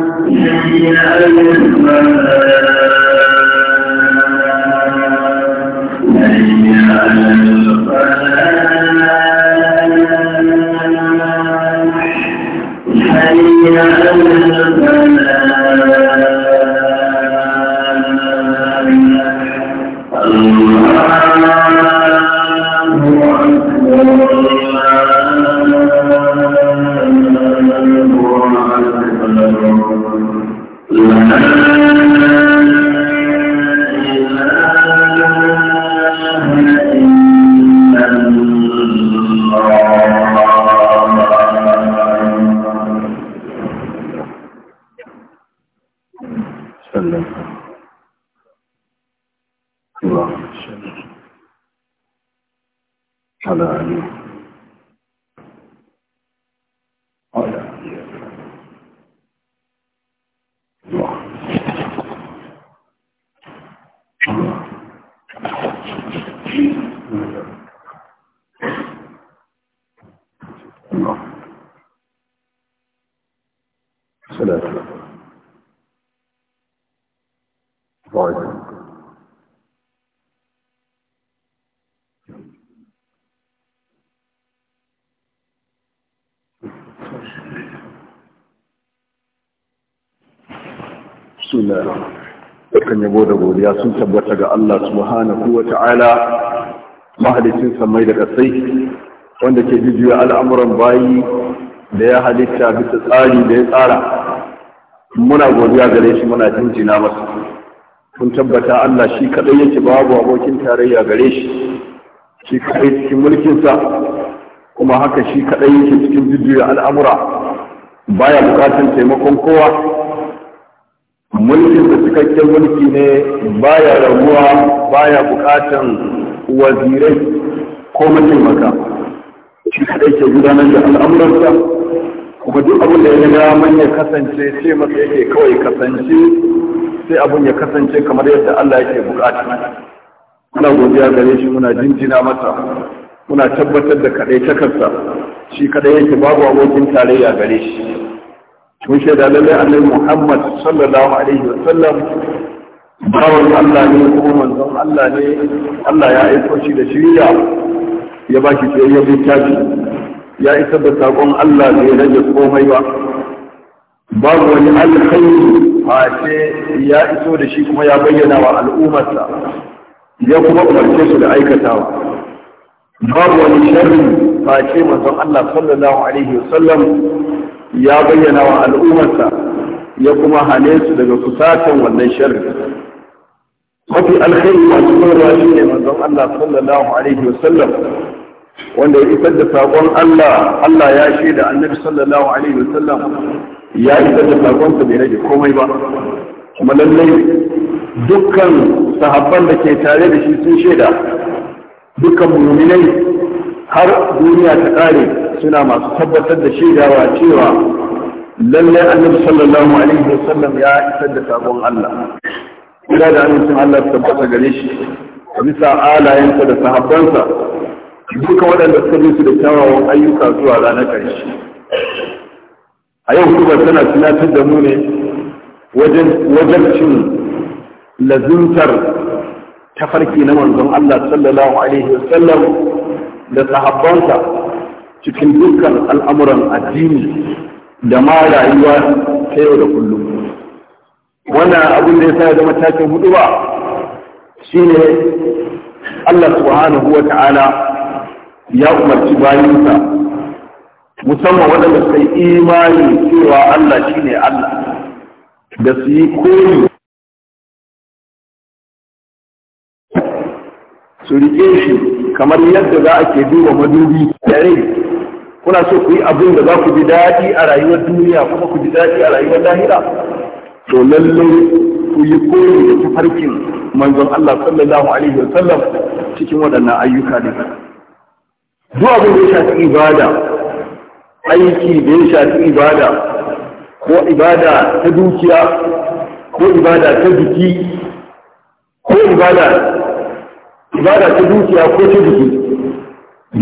الذين آمنوا الذين آمنوا alhamdulillah kan yabo da godiya sun tabbata ga Allah subhanahu wa ta'ala mahalicin samai da kasai wanda ke jijiya al'amuran bayi da ya halitta bisa tsari da ya tsara muna godiya gare shi muna jinjina masa kun tabbata Allah shi kadai yake babu abokin tarayya gare shi shi kadai cikin mulkinsa kuma haka shi kadai yake cikin jijiya al'amura baya bukatun taimakon kowa mulkin da cikakken mulki ne baya rabuwa baya bukatan wazirai ko mataimaka shi kada ke gudanar da al'amuransa kuma duk abin da ya ga man ya kasance ce masa yake kawai kasance sai abin ya kasance kamar yadda Allah yake bukata muna godiya gare shi muna jinjina masa muna tabbatar da kaɗai takarsa shi kadai yake babu abokin tarayya gare shi mun shaida lallai annabi Muhammad sallallahu alaihi wa sallam bawan Allah ne kuma manzon Allah ne Allah ya aiko shi da shirya. ya ba shi tsayayyen littafi ya isa da saƙon Allah bai rage komai ba babu wani alkhairi face ya iso da shi kuma ya bayyana wa al'ummarsa ya kuma umarce su da aikatawa babu wani sharri face manzon Allah sallallahu alaihi wa sallam ya bayyana wa al'ummarsa ya kuma hane su daga kusatan wannan sharri mafi alkhairi masu koyarwa shi ne manzon Allah sallallahu alaihi sallam, wanda ya isar da saƙon Allah Allah ya shaida annabi sallallahu alaihi sallam ya isar da saƙon saƙonsa bai rage komai ba kuma lallai dukkan sahabban da ke tare da shi sun shaida dukkan muminai har duniya ta ƙare suna masu tabbatar da shaidawa cewa lallai annabi sallallahu alaihi wasallam ya isar da sabon Allah Ina da amincin Allah tabbata gare shi bisa alayensa da sahabbansa duka waɗanda suka bi su da kyawawan ayyuka zuwa ranar ƙarshe a yau kuma tana tunatar da mu ne wajen cin lazuntar tafarki na manzon Allah sallallahu alaihi wasallam da sahabbansa cikin dukkan al'amuran addini da ma rayuwa ta yau da kullum wannan abin da ya sa zama takin hudu ba shi ne Allah subhanahu wa ta'ala ya umarci bayinsa musamman waɗanda suka yi imani cewa Allah shi ne Allah da su yi koyi su riƙe shi kamar yadda za a ke duba madubi da rai kuna so ku yi abin da za ku bi daɗi a rayuwar duniya kuma ku ji daɗi a rayuwar lahira to lallai ku yi koyi da tafarkin manzon Allah sallallahu alaihi wa sallam cikin waɗannan ayyuka ne duk abin da ya shafi ibada aiki da ya shafi ibada ko ibada ta dukiya ko ibada ta jiki ko ibada ibada ta dukiya ko ta jiki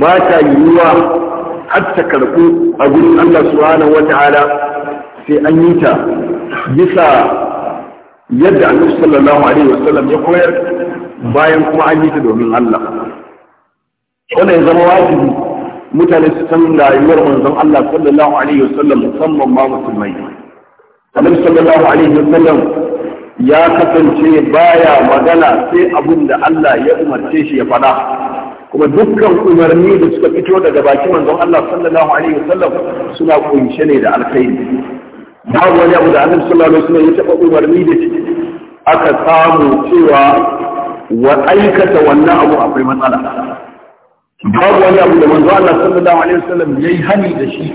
ba ta yiwuwa har ta karɓu a gurin Allah subhanahu wata'ala sai an yi ta bisa yadda annabi sallallahu alaihi wasallam ya koyar bayan kuma an yi ta domin Allah wannan ya zama wajibi mutane su san rayuwar manzon Allah sallallahu alaihi wasallam musamman ma musulmai annabi sallallahu alaihi wasallam ya kasance baya magana sai abin da Allah ya umarce shi ya faɗa kuma dukkan umarni da suka fito daga baki manzon Allah sallallahu alaihi wasallam suna kunshe ne da alkhairi babu wani abu da annabi sallallahu alaihi wasallam ya taba umarni da shi aka samu cewa wa aikata wannan abu akwai matsala babu wani abu da manzo Allah sallallahu alaihi wasallam yayi hani da shi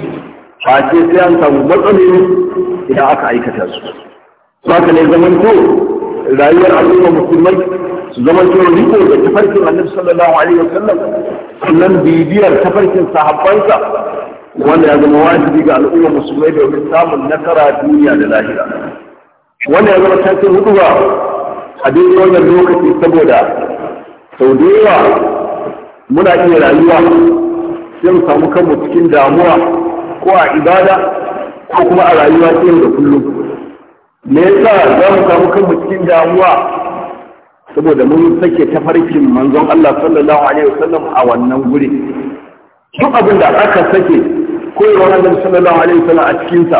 ba ce sai an samu matsaloli idan aka aikata su saka ne zaman ko rayuwar al'umma musulmai su zama to riko da tafarkin annabi sallallahu alaihi wasallam sannan bibiyar tafarkin sahabbansa wanda ya zama wajibi ga al'ummar musulmai domin samun nasara duniya da lahira wanda ya zama tasirin hudu ba a daidai wannan lokaci saboda sau da yawa muna iya rayuwa sai mu samu kanmu cikin damuwa ko a ibada ko kuma a rayuwa yau da kullum me yasa za mu samu kanmu cikin damuwa saboda mun sake tafarkin manzon Allah sallallahu alaihi wasallam a wannan guri duk abin da aka sake koyarwar Allah sallallahu alaihi wasallam a cikin sa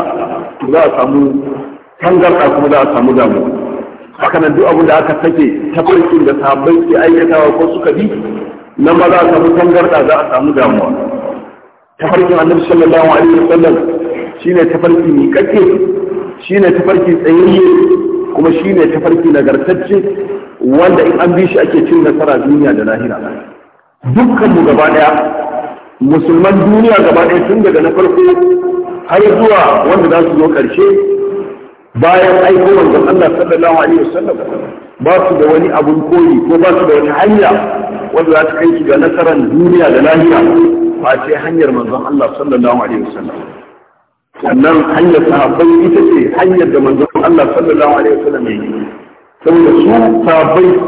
za a samu tangarda kuma za a samu damu haka nan duk abin da aka sake tafarkin da sahabbai ke aikatawa ko suka bi nan ba za a samu tangarda za a samu damuwa tafarkin annabi sallallahu alaihi wasallam shine tafarki mai kake shine tafarki tsayayye kuma shine tafarki nagartacce wanda in an bi shi ake cin nasara duniya da lahira dukkan mu gaba daya musulman duniya gaba daya tun daga na farko har zuwa wanda za su zo karshe bayan aiko manzon Allah sallallahu alaihi wasallam ba su da wani abun koyi ko ba su da wata hanya wanda za ta kai su ga nasaran duniya da lahira ba ce hanyar manzon Allah sallallahu alaihi wasallam sannan hanyar sahabbai ita ce hanyar da manzon Allah sallallahu alaihi wasallam ya yi saboda su sabai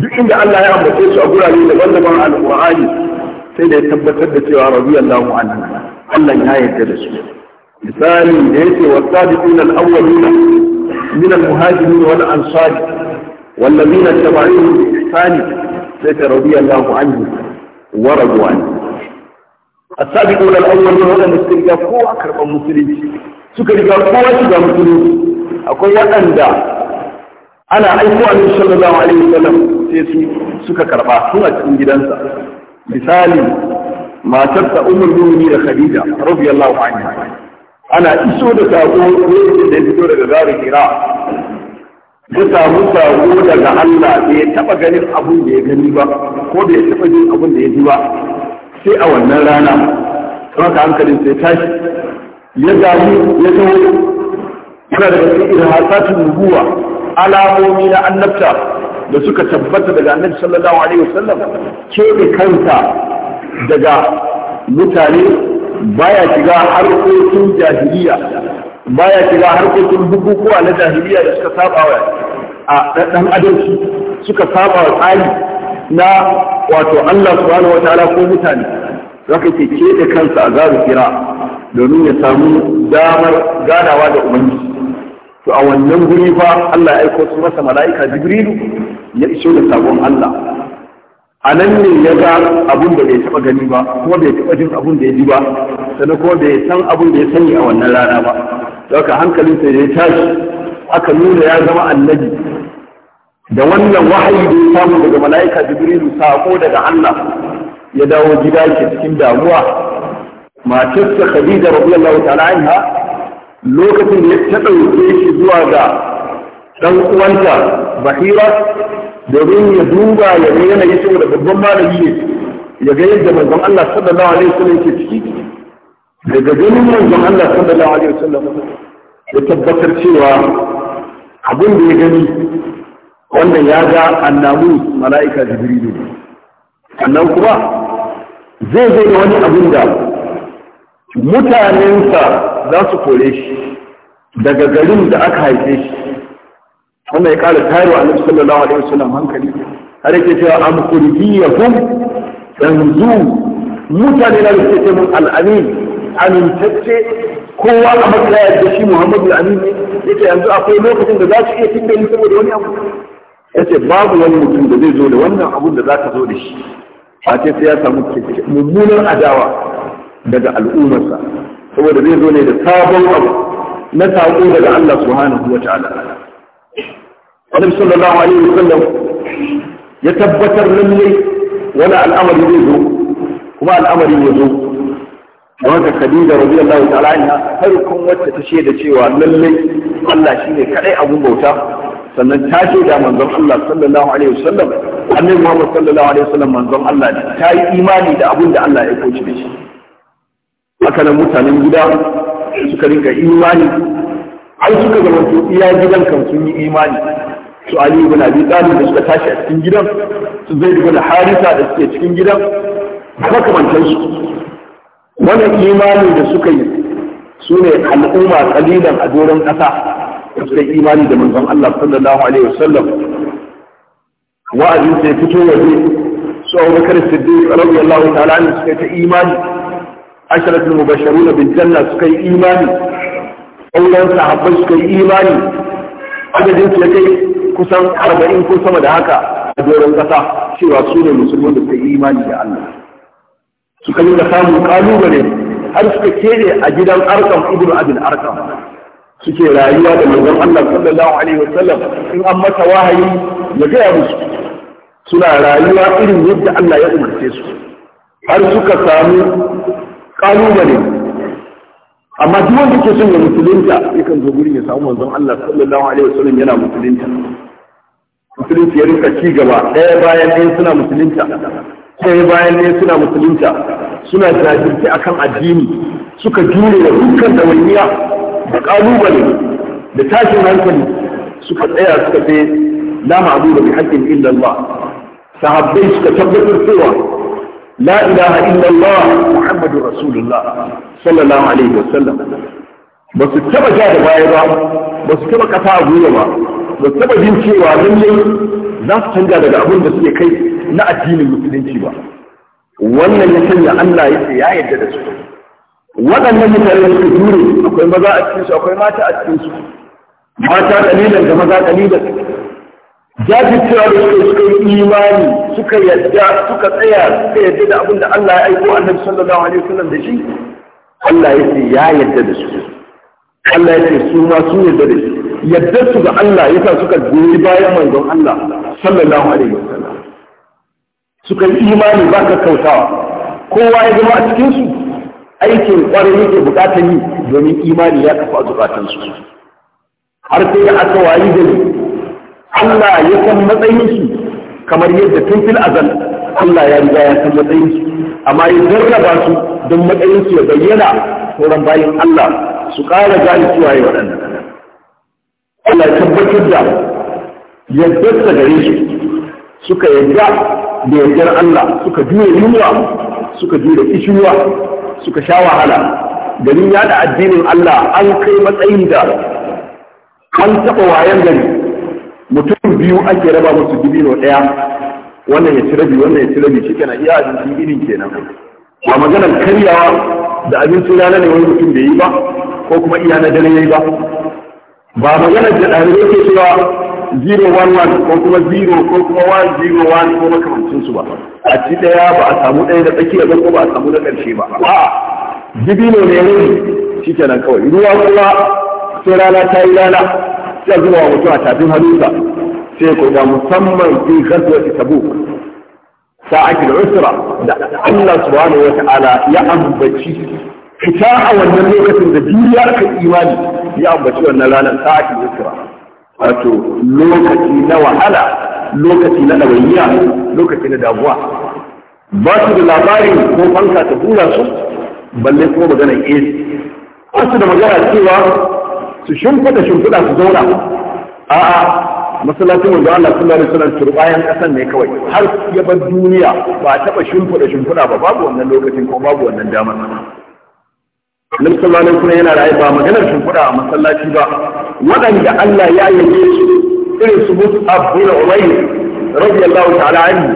duk inda Allah ya ambace su a gurare daban-daban alƙur'ani sai da ya tabbatar da cewa radiyallahu anhu Allah ya yarda da su misali da yake wasabiquna al-awwaluna min al-muhajirin wal ansar والذين اتبعوهم بإحسان ليس رضي الله عنهم ورضوا عنه السابقون الأولون waɗanda suka riga kowa karɓar musulunci suka riga kowa shiga musulunci akwai waɗanda ana aiko annabi sallallahu alaihi wasallam sai su suka karba suna cikin gidansa misali matar ta nuni da khadija radiyallahu anha ana iso da sako lokacin da ya fito daga gari hira ya samu sako daga Allah bai taba ganin abun da ya gani ba ko bai taba jin abun da ya ji ba sai a wannan rana kuma ka hankalin sai tashi ya gamu ya taho yana da cikin irhasatul alamomi na annabta da suka tabbata daga annabi sallallahu alaihi wasallam ke da kanta daga mutane baya shiga harkokin jahiliya baya shiga harkokin bukukuwa na jahiliya da suka saba wa a ɗan adalci suka saba wa tsari na wato Allah subhanahu wataala ko mutane zaka ke ke da kansa a zaru kira domin ya samu damar ganawa da ubangiji to a wannan guri fa Allah ya aiko su masa mala'ika jibrilu ya iso da sabon Allah a nan ne ya ga abin da bai taba gani ba kuma bai taba jin abin da ya ji ba sannan kuma bai san abin da ya sani a wannan rana ba haka hankalinsa ya tashi aka nuna ya zama annabi da wannan wahayi da ya samu daga mala'ika jibrilu sako daga Allah ya dawo gida ke cikin damuwa matarsa khadija radiyallahu ta'ala anha lokacin da ya ɗauke shi zuwa ga ɗan uwanta bahira domin ya duba ya ga yanayi saboda babban malami ne ya ga yadda manzon Allah sallallahu alaihi wasallam yake ciki daga ganin manzon Allah sallallahu alaihi wasallam ya tabbatar cewa abin da ya gani wannan ya ga annabi mala'ika ne annan kuma zai zai wani abin da mutanensa za su kore shi daga garin da aka haife shi wannan ya ƙara tayarwa annabi sallallahu alaihi wasallam hankali har yake cewa am kurbiyahum yanzu mutane na suke ce mun al'amin amintacce kowa a matsaya da shi Muhammadu Amin yake yanzu akwai lokacin da za su iya tinda gani saboda wani abu yace babu wani mutum da zai zo da wannan abun da za ka zo da shi a ce sai ya samu mummunan adawa daga al'ummarsa saboda zai zo ne da sabon abu na saƙo daga Allah subhanahu wa ta'ala Annabi sallallahu alaihi wasallam ya tabbatar lalle wani al'amari zai zo kuma al'amari ya zo don haka Khadija radiyallahu ta'ala anha farkon wacce ta shaida cewa lalle Allah shine kadai abun bauta sannan ta shaida manzon Allah sallallahu alaihi wasallam annabi Muhammad sallallahu alaihi wasallam manzon Allah ne ta yi imani da abun da Allah ya koci da shi haka nan mutanen gida suka rinka imani ai suka zama iya gidan kan sun yi imani su Ali ibn Abi Talib da suka tashi a cikin gidan su Zaid ibn Harisa da suke cikin gidan makamantan su wannan imani da suka yi su ne al'umma kalilan a doron ƙasa da suka yi imani da manzon Allah sallallahu alaihi wasallam wa'azin sai fito waje su Abubakar Siddiq radiyallahu ta'ala ne suka ta imani asharatul mubashiruna bil janna suka yi imani auren sahabbai suka yi imani adadin su ya kai kusan arba'in ko sama da haka a doron kasa cewa su ne musulman da suka yi imani da Allah suka yi da samun kalubale har suka kere a gidan arkam ibnu abin arkam suke rayuwa da manzon Allah sallallahu alaihi wasallam in an masa wahayi ya gaya musu suna rayuwa irin yadda Allah ya umarce su har suka samu kalubale amma duk wanda ke son ya musulunta yakan zo gurin ya samu manzon Allah sallallahu alaihi wasallam yana musulunta musulunci ya rinka ci gaba ɗaya bayan ɗaya suna musulunta ɗaya bayan ɗaya suna musulunta suna jajirce akan addini suka jure da dukkan dawainiya da kalubale da tashin hankali suka tsaya suka ce la ma'budu bi haqqin illa Allah sahabbai suka tabbatar cewa la ilaha illallah muhammadu rasulullah sallallahu alaihi wasallam ba su taba ja da baya ba ba su taba kafa a gwiwa ba ba su taba jin cewa lallai za su canja daga abin da suke kai na addinin musulunci ba wannan ya sanya Allah ya ce da su waɗannan mutane da suka akwai maza a cikinsu akwai mata a cikinsu mata da maza jajircewa da suka suka yi imani suka yadda suka tsaya suka yadda da abin da Allah ya aiko annabi sallallahu alaihi wasallam da shi Allah ya ce ya yadda da su Allah ya ce su ma sun yadda da shi yadda su ga Allah ya sa suka goyi bayan manzon Allah sallallahu alaihi wasallam suka yi imani ba ka kautawa kowa ya zama a cikin su aikin kwarai yake bukatar yi domin imani ya kafa a zukatansu har sai aka wayi gari Allah ya san matsayinsu kamar yadda tun fil azal Allah ya riga ya san matsayinsu amma ya jarraba su don matsayinsu ya bayyana sauran bayan Allah su ƙara gane cewa ya waɗanda. Allah ya tabbatar da ta gare su suka yadda da yaddar Allah suka jure yunwa suka jure kishiwa suka sha wahala garin yada addinin Allah an kai matsayin da an taɓa wayan gari mutum biyu ake raba musu dibino ɗaya wannan ya ci rabi wannan ya ci rabi shi kenan iya abincin irin kenan ba maganar karyawa da abincin rana ne wani mutum bai yi ba ko kuma iya na dare ya yi ba ba maganar da ɗalibai ke cewa 011 ko kuma 0 ko kuma 101 ko makamancin su ba a ci ɗaya ba a samu ɗaya da tsakiya ba ko ba a samu na ƙarshe ba a'a dibino ne ne shi kenan kawai ruwa kuma sai rana ta yi rana ya zuba wa mutum a tafin hannunsa sai da musamman fi bu. tabuk da usra da Allah subhanahu wa ta'ala ya ambaci fita a wannan lokacin da duniya ka imani ya ambaci wannan ranar da usra wato lokaci na wahala lokaci na ɗawainiya lokaci na damuwa ba su da labarin ko fanka ta hura su balle kuma magana ke su da magana cewa su shimfiɗa shimfiɗa su zauna a'a masallacin wanda Allah sallallahu alaihi wasallam turbayan kasan ne kawai har ya bar duniya ba taɓa shimfiɗa shimfiɗa ba babu wannan lokacin ko babu wannan damar Annabi sallallahu alaihi wasallam yana rayu ba maganar shimfiɗa a masallaci ba waɗanda Allah ya yaye su irin su Mus'ab bin Umayr radiyallahu ta'ala anhu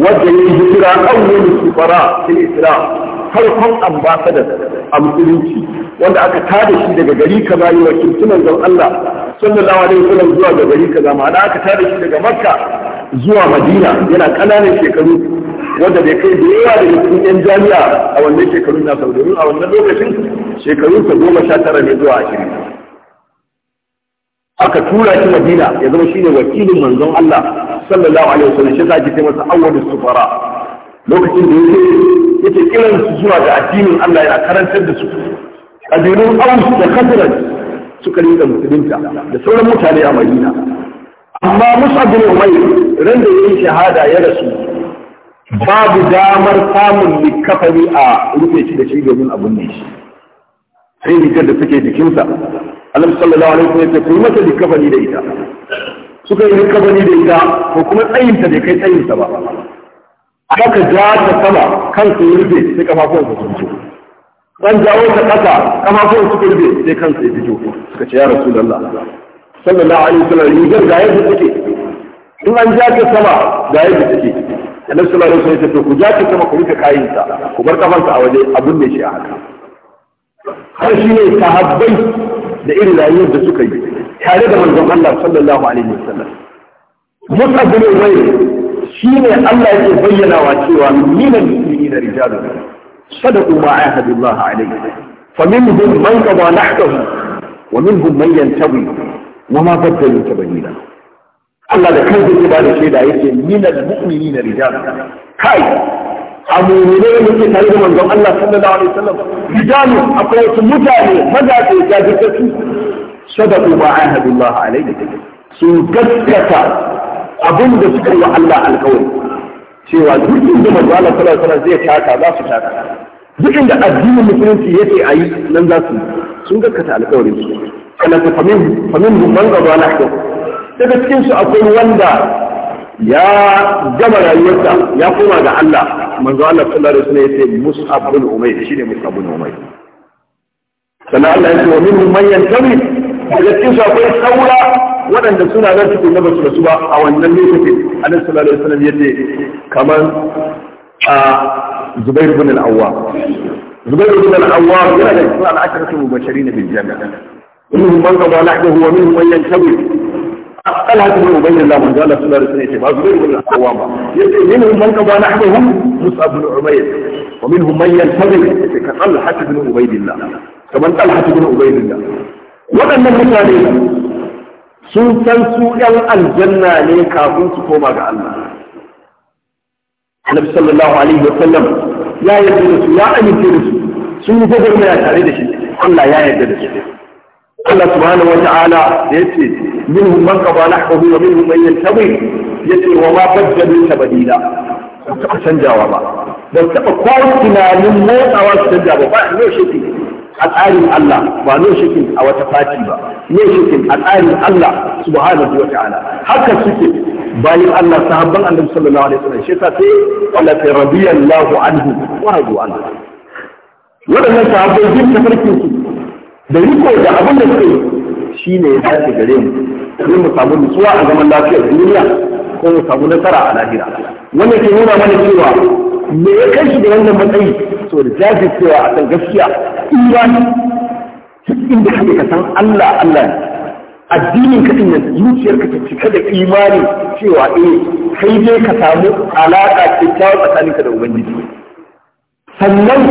wanda ya hijira awwal sufara fil Islam farkon ambassador a musulunci wanda aka tada shi daga gari kaza yi wakilci zan Allah sallallahu alaihi wasallam zuwa ga gari ka kaza ma'ana aka tada shi daga Makka zuwa Madina yana kananan shekaru wanda bai kai da yawa daga cikin yan jami'a a wannan shekaru na domin a wannan lokacin shekarun sa goma sha tara ne zuwa ashirin aka tura shi Madina ya zama shine wakilin manzon Allah sallallahu alaihi wasallam shi ta ake masa awwalus sufara lokacin da yake yake kiran su zuwa ga addinin Allah yana karantar da su kabilun Aus da Khazraj suka rinka musulunta da sauran mutane a Madina amma Mus'ab bin Umayr ran da yayi shahada ya rasu babu damar samun likafani a rufe shi da shi domin abun ne shi sai rigar da suke jikinsa Allah sallallahu alaihi wasallam ya ce ku mata likafani da ita suka yi likafani da ita ko kuma tsayinta bai kai tsayinsa ba aka ja ta sama kansu ya rufe sai kafafuwan su fito dan jawo ta kasa kafafuwan su rufe sai kansu ya fito suka ce ya rasulullah sallallahu alaihi wasallam rigar ga yadda take in an ja ta sama ga yadda take annabi sallallahu alaihi wasallam ya ce ku ja ta sama ku rufe kayinta ku bar kafansa a waje abun ne shi a haka har shi ne sahabbai da irin rayuwar da suka yi tare da manzon Allah sallallahu alaihi wasallam Mus'ab bin Umayr شيني الله يبين واتوا من المسلمين رجال صدقوا ما عاهد الله عليه فمنهم من قضى نحته ومنهم من ينتوي وما بدلوا تبديلا الله لكي تبالي شيء لا يتم من المؤمنين رجال كاي أمونيني نكي تريد من الله صلى الله عليه وسلم رجال أقرأت مجالي مجالي جاجتك صدقوا ما عاهد الله عليه سوكتك abin da suka yi wa Allah alkawari cewa duk inda manzo Allah sallallahu alaihi zai taka za su taka duk inda addinin musulunci yake ayi nan za su sun gaskata alkawarin su kana ta famin famin man gaba na hakan daga cikin su akwai wanda ya gama rayuwarsa ya koma ga Allah manzo Allah sallallahu alaihi wasallam yace Mus'ab bin Umayr shine Mus'ab bin Umayr sannan Allah ya ce wa minhum man yantawi daga cikin su akwai saura waɗanda suna nan suke na basu rasu ba a wannan lokacin annabi sallallahu alaihi wasallam yace kamar a Zubair ibn al-Awwam Zubair ibn al-Awwam yana da cikin al-ashratu mubashirin bil janna minhum man qada nahbahu wa minhum man yantabi أقلها من أبي الله من قال صلى الله عليه وسلم يتبع زبير بن العوام منهم من قضى نحبه مصعب بن عمير ومنهم من ينتظر كطلحة بن عبيد الله كمن طلحة بن عبيد الله waɗannan mutane sun san su ɗan aljanna ne kafin su koma ga Allah Annabi sallallahu alaihi wa sallam ya yarda da su ya amince da su sun yi gaba gwagwarmaya tare da shi Allah ya yarda da shi. Allah subhanahu wa ta'ala da ce min man qada nahbahu wa min man yantabi ya ce wa ma badda baddalu tabdila ba ta canjawa ba ba ta ko tunanin motsawa ta canja ba ba ne shi a Allah ba no shakin a wata fati ba no shakin a Allah subhanahu wa ta'ala haka suke bayan Allah sahabban annabi sallallahu alaihi wasallam shi sai Allah ta radiyallahu anhu wa radu anhu wadannan sahabbai duk tafarkin su da riko da abin da suke shine ya dace gare mu sai mu samu nutsuwa a zaman lafiyar duniya ko mu samu nasara a lahira wannan ke nuna mana cewa me ya kai shi da wannan matsayi to da jajircewa a kan gaskiya imani duk inda kake ka san Allah Allah addinin ka din nan zuciyar ka ta cika da imani cewa eh kai dai ka samu alaka tsakanin ka da ubangiji sannan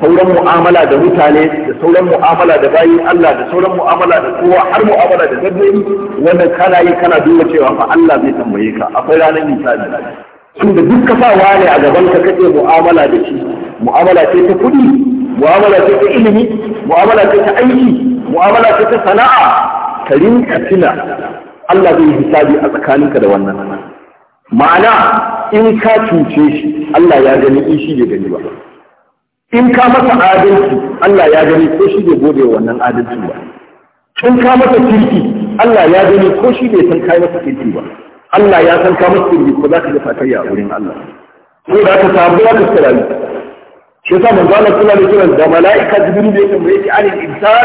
sauran mu'amala da mutane da sauran mu'amala da bayi Allah da sauran mu'amala da kowa har mu'amala da dabbobi wannan kana yi kana duba cewa fa Allah zai tambaye ka akwai ranar misali tunda duk ka sa wane a gaban ka kake mu'amala da shi mu'amala ce ta kuɗi mu'amala ce ta ilimi mu'amala ce ta aiki mu'amala ce ta sana'a ka rinka tuna Allah zai hisabi a tsakaninka da wannan ma'ana in ka cuce shi Allah ya gani in shi bai gani ba in ka masa adalci Allah ya gani ko shi bai gode wa wannan adalci ba in ka masa kirki Allah ya gani ko shi bai san kai masa kirki ba Allah ya san ka musu turbi ko za ka ga fatayya a wurin Allah Ko da ka samu ya kasu rayu shi yasa manzo Allah sallallahu alaihi wasallam da mala'ika jibril ya tambaye ki alil insan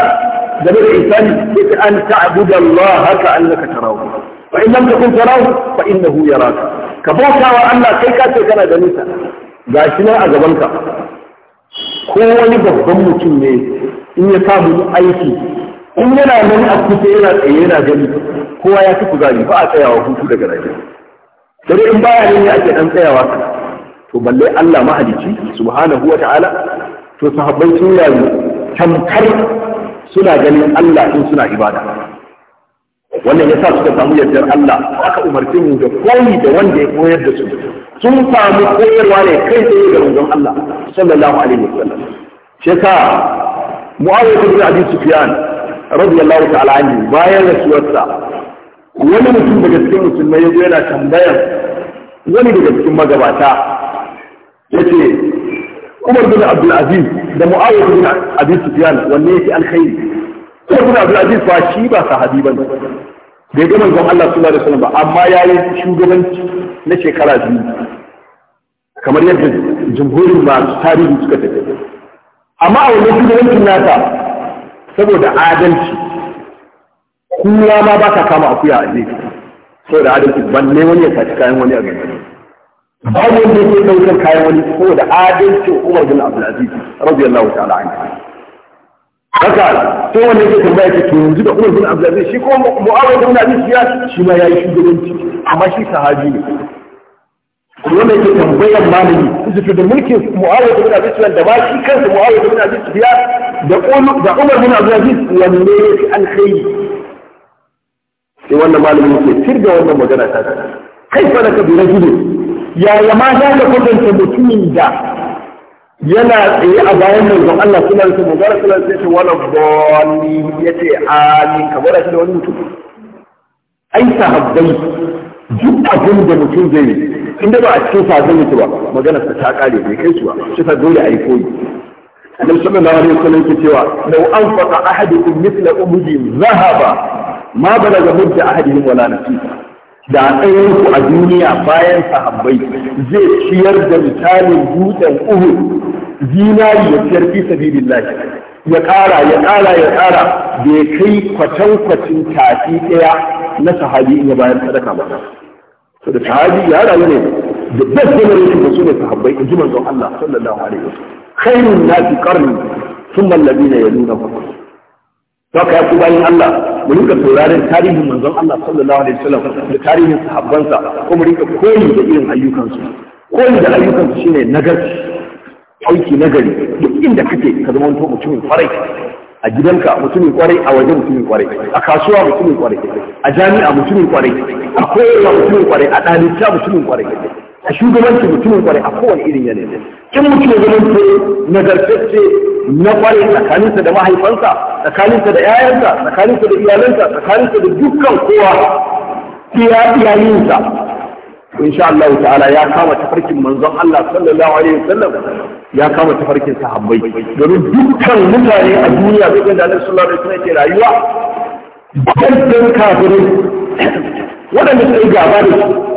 da bil insani sai an ta'budu Allah haka annaka tarahu fa in lam takun tarahu fa innahu yaraka ka bautawa Allah kai ka ce kana ganin sa gashi nan a gaban ka ko wani babban mutum ne in ya samu aiki in yana nan a kusa yana tsaye yana gani kowa ya fi kuzari ba a tsayawa hutu daga rayuwa sai in baya ne ake dan tsayawa to balle Allah mahalici subhanahu wa ta'ala to sahabbai sun rayu tamkar suna ganin Allah in suna ibada wannan yasa suka samu yardar Allah aka umarce mu da koyi da wanda ya koyar da su sun samu koyarwa ne kai tsaye ga manzon Allah sallallahu alaihi wasallam shi yasa Muawiya bin Abi Sufyan radiyallahu ta'ala anhu bayan rasuwarsa wani mutum daga cikin musulmai ya zo yana tambayar wani daga cikin magabata ya ce umar bin abdul aziz da mu'awiyah bin abi sufyan wanne yake alkhairi bin abdul aziz ba shi ba sahabi bane bai ga manzon Allah sallallahu alaihi wasallam ba amma yayi shugabanci na shekara biyu kamar yadda jumhurin masu tarihi suka tafi amma a wannan shugabancin nasa saboda adalci kuma ma ba ka kama akuya a jeji da adalci ban ne wani ya saci kayan wani a gari ba wanda yake ɗaukar kayan wani ko da adalci Umar bin Abdulaziz radiyallahu ta'ala anhu haka to wanda yake tambaya ke to yanzu da Umar bin Abdulaziz shi kuma Muawiya bin Abi Sufyan shi ma yayi shugabanci amma shi sahabi ne wanda yake tambayar malami su da mulkin Muawiya bin Abi Sufyan da ba shi kansa Muawiya bin Abi ya, da Umar bin Abdulaziz wanne ya fi alkhairi sai wannan malamin ke firga wannan magana ta kai fa ka bi rajulu yaya ma za ka kwatanta mutumin da yana tsaye a bayan manzon Allah sallallahu alaihi wasallam suna sallallahu alaihi wasallam wala ya ce amin ka gwada shi da wani mutum ai sahabbai duk abin da mutum zai yi inda ba a cikin sabon mutu ba magana ta ta kare bai kai su ba shi ta dole a yi koyi annabi sallallahu alaihi wasallam ke cewa law anfaqa ahadukum mithla umudi zahaba ma daga mudda ahadihim wala nasifa da tsayin ku a duniya bayan sahabbai zai ciyar da misalin dutsen uhu zinari ya ciyar fi ya ƙara ya ƙara ya ƙara bai kai kwatankwacin tafi ɗaya na sahabi ya bayan sadaka ba so da sahabi ya rayu ne da best generation da su ne sahabbai in ji manzon Allah sallallahu alaihi wasallam khairun nasi qarni thumma alladhina yalunahum to ka ku bayin Allah mu rinka sauraron tarihin manzon Allah sallallahu alaihi wasallam da tarihin sahabbansa ko mu rika koyi da irin ayyukansu koyi da ayyukansu shine nagarci aiki nagari duk inda kake ka zama wani mutumin kwarai a gidanka mutumin kwarai a waje mutumin kwarai a kasuwa mutumin kwarai a jami'a mutumin kwarai a koyarwa mutumin kwarai a ɗalibta mutumin kwarai a shugabanci mutumin kwarai a kowane irin yanayi in mutum ya zama nagartacce na kwarai tsakaninsa da mahaifansa tsakaninsa da 'ya'yansa tsakaninsa da iyalansa tsakaninsa da dukkan kowa iya iyayensa in sha Allah ta'ala ya kama tafarkin manzon Allah sallallahu alaihi wasallam ya kama tafarkin sahabbai domin dukkan mutane a duniya zai da Allah sallallahu alaihi wasallam ke rayuwa dukkan kafirai waɗanda suka yi gaba da su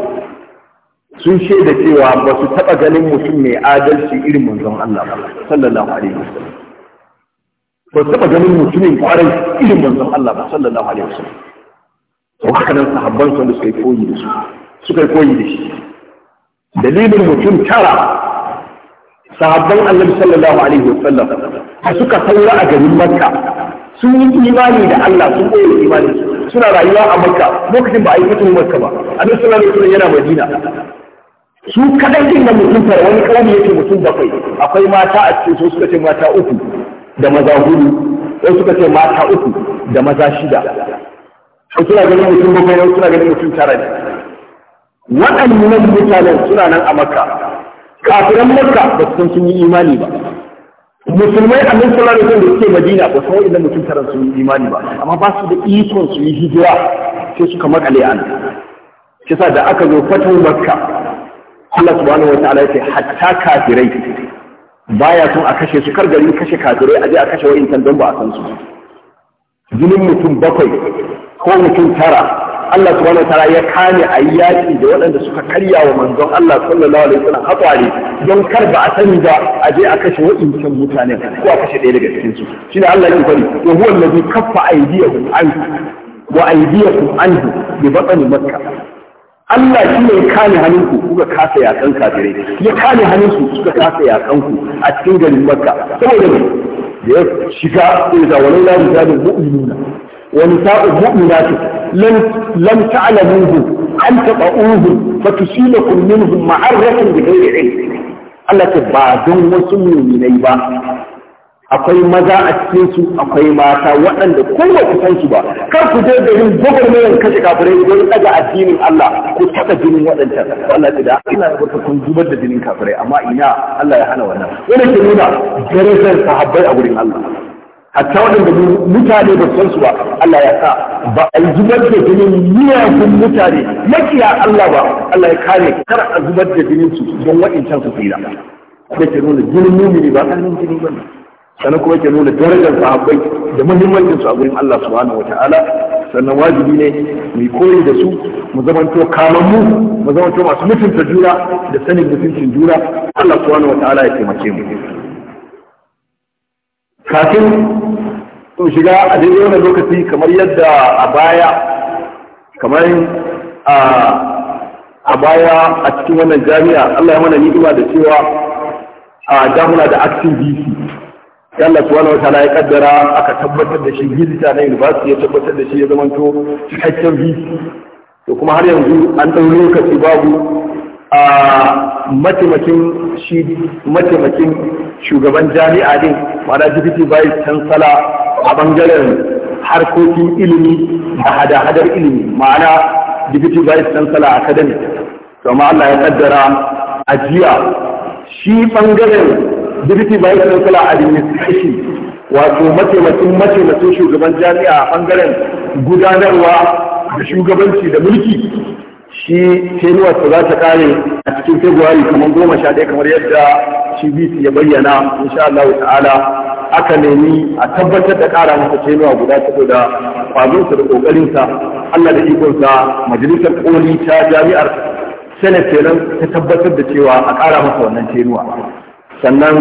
sun shaida cewa ba su taɓa ganin mutum mai adalci irin manzon Allah ba sallallahu alaihi wasallam ba su taɓa ganin mutumin kwarai irin manzon Allah ba sallallahu alaihi wasallam to haka nan sahabban sun suka yi koyi da su suka yi koyi da shi dalilin mutum tara sahabban Allah sallallahu alaihi wasallam a suka saura a garin Makka sun yi imani da Allah sun koyi imani suna rayuwa a Makka lokacin ba a yi fitowar Makka ba a nan sallallahu alaihi wasallam yana Madina su kadan din da mutum tara wani kauli yake mutum bakwai akwai mata a cikin su suka ce mata uku da maza hudu sai suka ce mata uku da maza shida sai suna ganin mutum bakwai sai suna ganin mutum tara ne waɗannan mutanen suna nan a makka kafiran makka ba su san sun yi imani ba musulmai a nan sallallahu alaihi da suke madina ba san idan mutum tara sun yi imani ba amma ba su da ikon su yi hijira sai suka makale an kisa da aka zo fatan makka Allah subhanahu wataala ya hatta kafirai baya son a kashe su kar gari kashe kafirai a je a kashe wa'intan don ba a san su jinin mutum bakwai ko mutum tara Allah subhanahu wa ya kame a yi yaƙi da waɗanda suka karya wa manzon Allah sallallahu alaihi wasallam hatsari don kar ba a sani ba a je a kashe waɗancan mutane ko a kashe ɗaya daga cikin su shine Allah yake faɗi wa huwa allazi kaffa aydiyahum anhu wa aydiyakum anhu bi batni makkah Allah shi ne ya kame hannunku kuka kasa yakan kafirai ya kame hannunku kuka kasa ku a cikin garin Makka saboda ne ya shiga sai da wani lafi da mu'minuna wa nisa'u mu'minatu lam lam ta'lamuhu an tabauhu fatusilakum minhum ma'arratun bi ghairi ilm Allah ta ba don wasu mu'minai ba akwai maza a cikin su akwai mata waɗanda kun ba ku san su ba kar ku je da garin gwagwarmayar kashe kafirai don daga addinin Allah ko taɓa jinin waɗancan Allah da Allah ya baka kun zubar da jinin kafirai amma ina Allah ya hana wannan wanda ke nuna darajar sahabbai a wurin Allah hatta waɗanda mutane ba san su ba Allah ya sa ba a zubar da jinin miyagun mutane makiya Allah ba Allah ya kare kar a zubar da jinin su don waɗancan su tsira da ke nuna jinin mumini ba ƙarfin jini ba ne sannan kuma ke nuna darajar sahabbai da muhimmancin su a gurin Allah subhanahu wataala sannan wajibi ne mu koyi da su mu zamanto kamammu mu zamanto masu mutunta jura, da sanin mutuncin jura. Allah subhanahu wataala ya taimake mu kafin mu shiga a daidai wannan lokaci kamar yadda a baya kamar a baya a cikin wannan jami'a Allah ya mana ni'ima da cewa a damuna da active DC yalla subhanahu wa ta'ala ya kaddara aka tabbatar da shi hidita na university ya tabbatar da shi ya zamanto cikakken vc to kuma har yanzu an ɗau lokaci babu a mataimakin shugaban jami'a din ma'ana jibiti bai cansala a bangaren harkokin ilimi da hada-hadar ilimi ma'ana jibiti bai cansala academic to amma Allah ya kaddara ajiya shi bangaren deputy kula a administration wato mataimakin mataimakin shugaban jami'a a bangaren gudanarwa da shugabanci da mulki shi tenuwarsa za ta kare a cikin february kamar goma sha ɗaya kamar yadda cbc ya bayyana insha Allah ta'ala aka nemi a tabbatar da kara masa tenuwa guda saboda kwazonsa da kokarinsa Allah da ikonsa majalisar koli ta jami'ar senate kenan ta tabbatar da cewa a ƙara masa wannan tenuwa sannan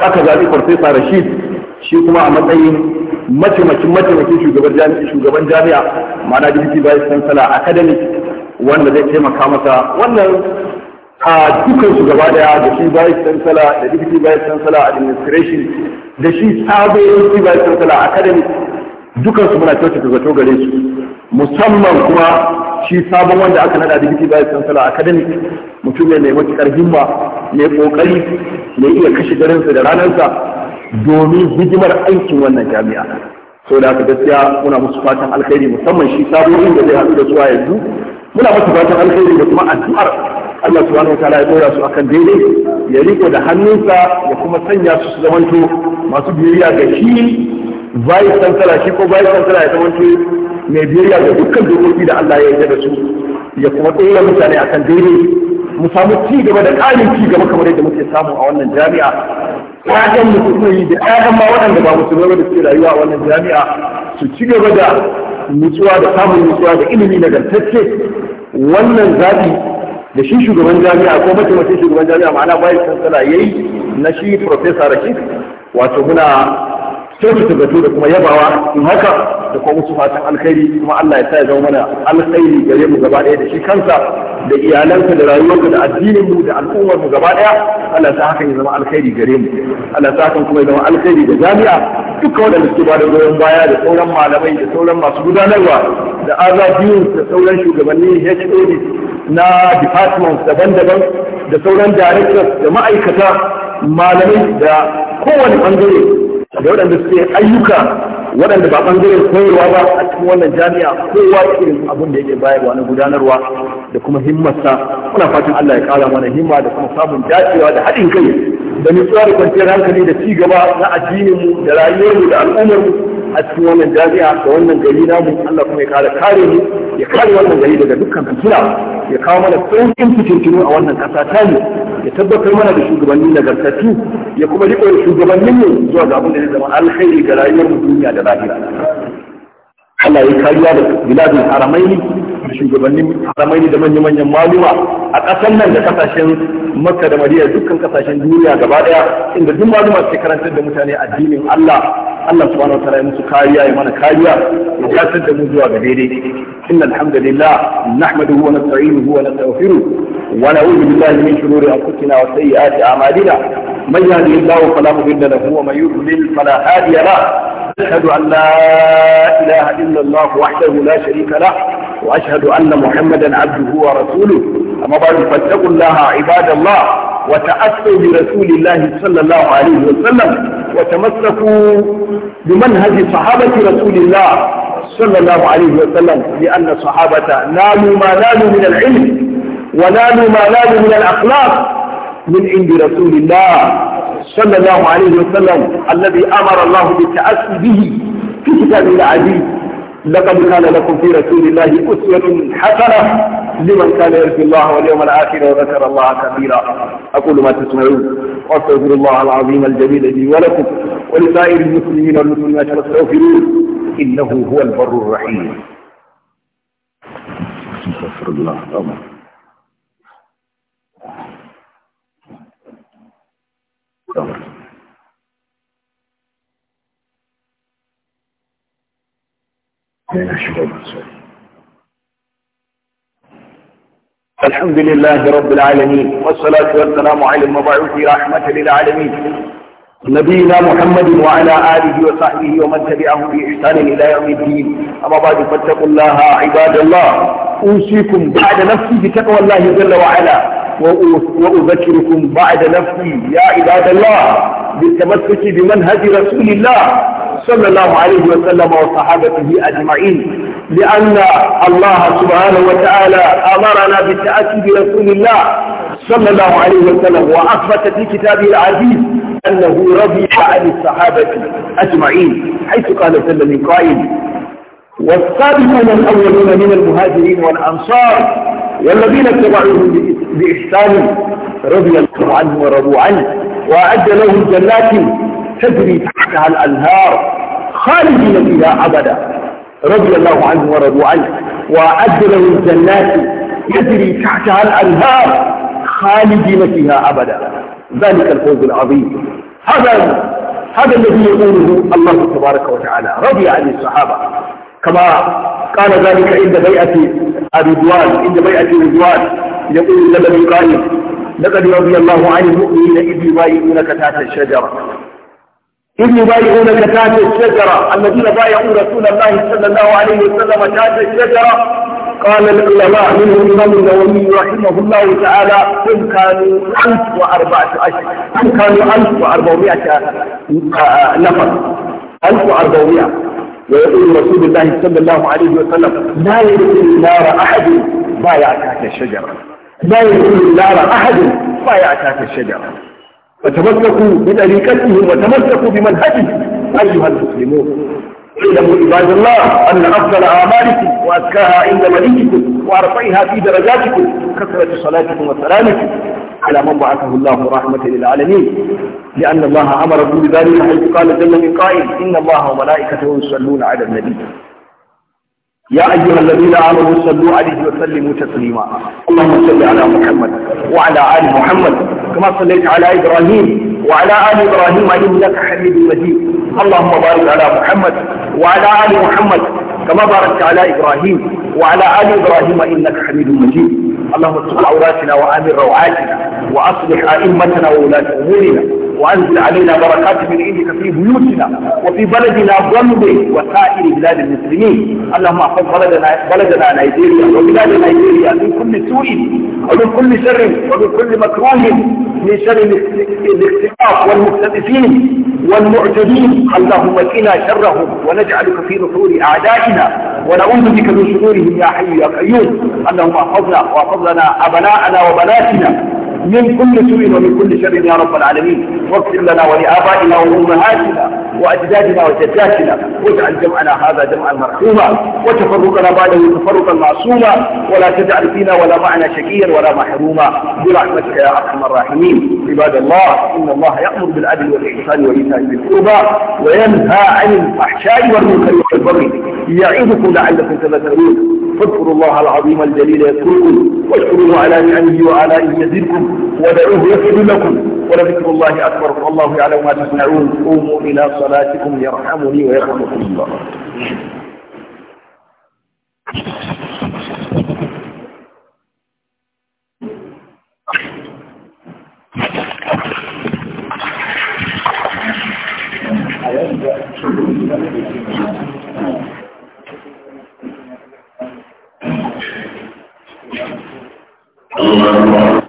aka zaɓi farfesa rashid shi kuma a matsayin mataimakin mataimakin shugaban jami'a shugaban jami'a ma'ana deputy vice sansala academic wanda zai taimaka masa wannan a dukkan su gaba daya da shi vice sansala da deputy vice chancellor administration da shi sabon deputy vice chancellor academic dukkan su muna kyautata zato gare su musamman kuma shi sabon wanda aka nada biki bayan kansala academic mutum ne mai matukar himma mai kokari mai iya kashe garinsa da ranarsa domin hidimar aikin wannan jami'a so da aka gaskiya muna musu fatan alkhairi musamman shi sabon da zai haɗu da zuwa yanzu muna musu fatan alkhairi da kuma addu'ar Allah subhanahu wataala ya dora su akan daidai ya riko da hannunsa ya kuma sanya su su zamanto masu biyayya ga shi san chancellor shi ko san chancellor ya zamanto mai biyayya ga dukkan dokoki da Allah ya yi da su ya kuma ɗora mutane a kan daidai mu samu ci gaba da ƙarin ci gaba kamar yadda muke samu a wannan jami'a ƴaƴan musulmi da ƴaƴan ma waɗanda ba musulmai da suke rayuwa a wannan jami'a su ci gaba da nutsuwa da samun nutsuwa da ilimi nagartacce wannan zaɓi da shi shugaban jami'a ko mataimakin shugaban jami'a ma'ana bayan kansala yi na shi profesa Rashid wato muna kyautata zato da kuma yabawa in haka da kuma musu fatan alkhairi kuma Allah ya sa ya zama mana alkhairi gare mu gaba ɗaya da shi kansa da iyalansa da rayuwarsa da addinin mu da al'ummar mu gaba ɗaya Allah sa hakan ya zama alkhairi gare mu Allah sa hakan kuma ya zama alkhairi da jami'a duka waɗanda suke ba da goyon baya da sauran malamai da sauran masu gudanarwa da azabiyun da sauran shugabanni HOD na departments daban-daban da sauran directors da ma'aikata malamai da kowane bangare da waɗanda suke ayyuka waɗanda ba ɓangaren koyarwa ba a cikin wannan jami'a kowa irin abin da yake bayarwa na gudanarwa da kuma himmarsa muna fatan Allah ya ƙara mana himma da kuma samun dacewa da haɗin kai da nutsuwa da kwanciyar hankali da ci gaba na addininmu da rayuwarmu da al'ummarmu a cikin wannan jami'a da wannan gari namu Allah kuma ya kare kare mu ya kare wannan gari daga dukkan fitina ya kawo mana sauƙin fitintinu a wannan ƙasa ta mu ya tabbatar mana da shugabanni nagartattu ya kuma riƙo da shugabannin mu zuwa ga abin da zai zama alkhairi ga rayuwar mu duniya da lahira Allah ya kariya da biladin haramaini da shugabannin haramaini da manya-manyan maluma a ƙasar nan da ƙasashen makka da madina dukkan kasashen duniya gaba ɗaya, inda duk maluma suke karantar da mutane addinin Allah Allah subhanahu wa ta'ala ya musu kariya ya mana kariya ya gasar da mu zuwa ga daidai inna alhamdulillah nahmaduhu wa nasta'inuhu wa nastaghfiruh wa na'udhu billahi min shururi anfusina wa sayyiati a'malina man yahdihillahu fala mudilla lahu wa man yudlil fala hadiya lahu أشهد أن لا إله إلا الله وحده لا شريك له وأشهد أن محمدا عبده ورسوله أما بعد فاتقوا الله عباد الله وتأسوا برسول الله صلى الله عليه وسلم وتمسكوا بمنهج صحابة رسول الله صلى الله عليه وسلم لأن صحابة نالوا ما نالوا من العلم ونالوا ما نالوا من الأخلاق من عند رسول الله صلى الله عليه وسلم الذي أمر الله بالتأسي به في كتابه العزيز لقد كان لكم في رسول الله أسوة حسنة لمن كان يرجو الله واليوم الآخر وذكر الله كثيرا أقول ما تسمعون وأستغفر الله العظيم الجليل لي ولكم ولسائر المسلمين والمسلمات فاستغفروه إنه هو البر الرحيم استغفر الله طبعا. طبعا. من الشيطان الحمد لله رب العالمين والصلاة والسلام على المبعوث رحمة للعالمين نبينا محمد وعلى آله وصحبه ومن تبعه بإحسان إلى يوم الدين أما بعد فاتقوا الله عباد الله أوصيكم بعد نفسي بتقوى الله جل وعلا وأذكركم بعد نفسي يا عباد الله بالتمسك بمنهج رسول الله صلى الله عليه وسلم وصحابته أجمعين لأن الله سبحانه وتعالى أمرنا بالتأتي برسول الله صلى الله عليه وسلم وأثبت في كتابه العزيز أنه رضي عن الصحابة أجمعين حيث قال سلم من قائل والسابقون الأولون من المهاجرين والأنصار والذين اتبعوهم بإحسان رضي الله عنهم ورضوا عنه وأعد لهم جنات تجري تحتها الأنهار خالدين فيها أبدا رضي الله عنه ورضوا عنه وأدل من جنات يجري تحتها الأنهار خالدين فيها أبدا ذلك الفوز العظيم هذا هذا الذي يقوله الله تبارك وتعالى رضي عن الصحابة كما قال ذلك عند بيعة رضوان عند بيعة رضوان يقول لبني قائم لقد رضي الله عن المؤمنين إذ يبايعونك تحت الشجرة إذ يبايعونك تحت الشجرة الذين بايعوا رسول الله صلى الله عليه وسلم تحت الشجرة قال العلماء منهم الإمام النووي رحمه الله تعالى هم كانوا 1400 أشهر هم كانوا 1400 آه، نفر 1400 ويقول رسول الله صلى الله عليه وسلم لا يدخل النار أحد بايع تحت الشجرة لا يدخل النار أحد بايع تحت الشجرة وتمسكوا بطريقتهم وتمسكوا بمنهجهم أيها المسلمون اعلموا عباد الله أن أفضل أعمالكم وأزكاها عند مليككم وأرفعها في درجاتكم كثرة صلاتكم وسلامكم على من بعثه الله رحمة للعالمين لأن الله امركم بذلك حيث قال جل من قائل إن الله وملائكته يصلون على النبي يا أيها الذين آمنوا صلوا عليه وسلموا تسليما اللهم صل على محمد وعلى آل محمد كما صليت على إبراهيم وعلى آل إبراهيم إنك حميد مجيد اللهم بارك على محمد وعلى آل محمد كما باركت على إبراهيم وعلى آل إبراهيم إنك حميد مجيد اللهم اصلح عوراتنا وآمن روعاتنا وأصلح أئمتنا وولاة أمورنا وأنزل علينا بركات من عندك في بيوتنا وفي بلدنا بومبي وسائر بلاد المسلمين اللهم احفظ بلدنا بلدنا نيجيريا وبلاد نيجيريا من كل سوء ومن كل شر ومن كل مكروه من شر الاختلاف والمختلفين والمعتدين اللهم قنا شرهم ونجعلك في نحور أعدائنا ونعوذ بك من شرورهم يا حي يا قيوم اللهم احفظنا واحفظ لنا أبناءنا وبناتنا من كل سوء ومن كل شر يا رب العالمين واغفر لنا ولآبائنا وأمهاتنا وأجدادنا وجداتنا واجعل جمعنا هذا جمعا مرحوما وتفرقنا بعده تفرقا معصوما ولا تجعل فينا ولا معنا شقيا ولا محروما برحمتك يا أرحم الراحمين عباد الله إن الله يأمر بالعدل والإحسان وإيتاء ذي القربى وينهى عن الفحشاء والمنكر والبغي يعظكم لعلكم تذكرون فاذكروا الله العظيم الجليل يذكركم واشكروه على نعمه وآلائه يزدكم ودعوه يغفر لكم ولذكر الله أكبر والله يعلم ما تصنعون قوموا إلى صلاتكم يرحمني ويرحمكم الله Thank you. الله